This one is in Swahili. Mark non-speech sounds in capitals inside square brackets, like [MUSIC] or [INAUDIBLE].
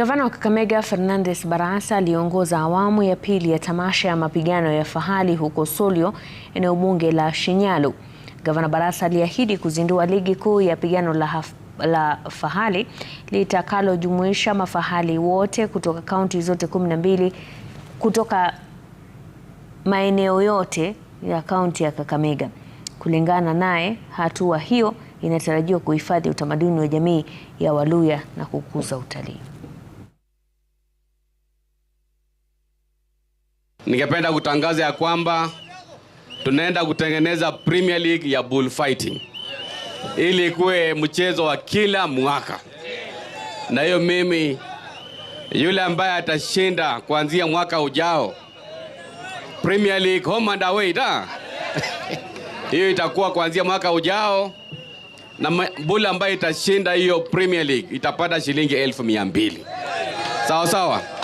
Gavana wa Kakamega Fernandes Barasa aliongoza awamu ya pili ya tamasha ya mapigano ya fahali huko Solio, eneo bunge la Shinyalu. Gavana Barasa aliahidi kuzindua ligi kuu ya pigano la haf la fahali litakalojumuisha mafahali wote kutoka kaunti zote 12 kutoka maeneo yote ya kaunti ya Kakamega. Kulingana naye, hatua hiyo inatarajiwa kuhifadhi utamaduni wa jamii ya Waluya na kukuza utalii. Ningependa kutangaza ya kwamba tunaenda kutengeneza Premier League ya bullfighting ili kuwe mchezo wa kila mwaka, na hiyo mimi, yule ambaye atashinda kuanzia mwaka ujao Premier League home and away da [LAUGHS] hiyo itakuwa kuanzia mwaka ujao, na bull ambaye itashinda hiyo Premier League itapata shilingi elfu mia mbili sawa sawa.